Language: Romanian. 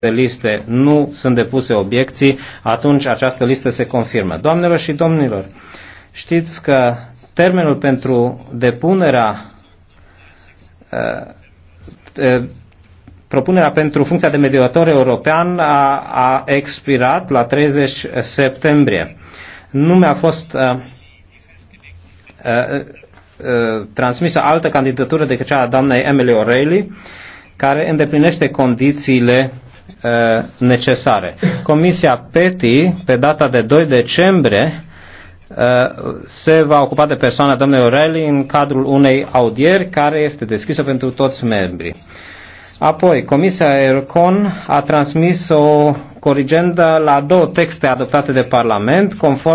de liste nu sunt depuse obiecții, atunci această listă se confirmă. Doamnelor și domnilor, știți că termenul pentru depunerea uh, uh, propunerea pentru funcția de mediator european a, a expirat la 30 septembrie. Nu mi-a fost uh, uh, uh, transmisă altă candidatură decât cea a doamnei Emily O'Reilly, care îndeplinește condițiile Uh, necesare. Comisia PETI, pe data de 2 decembrie, uh, se va ocupa de persoana domnului O'Reilly în cadrul unei audieri care este deschisă pentru toți membrii. Apoi, Comisia ERCON a transmis o corigendă la două texte adoptate de Parlament, conform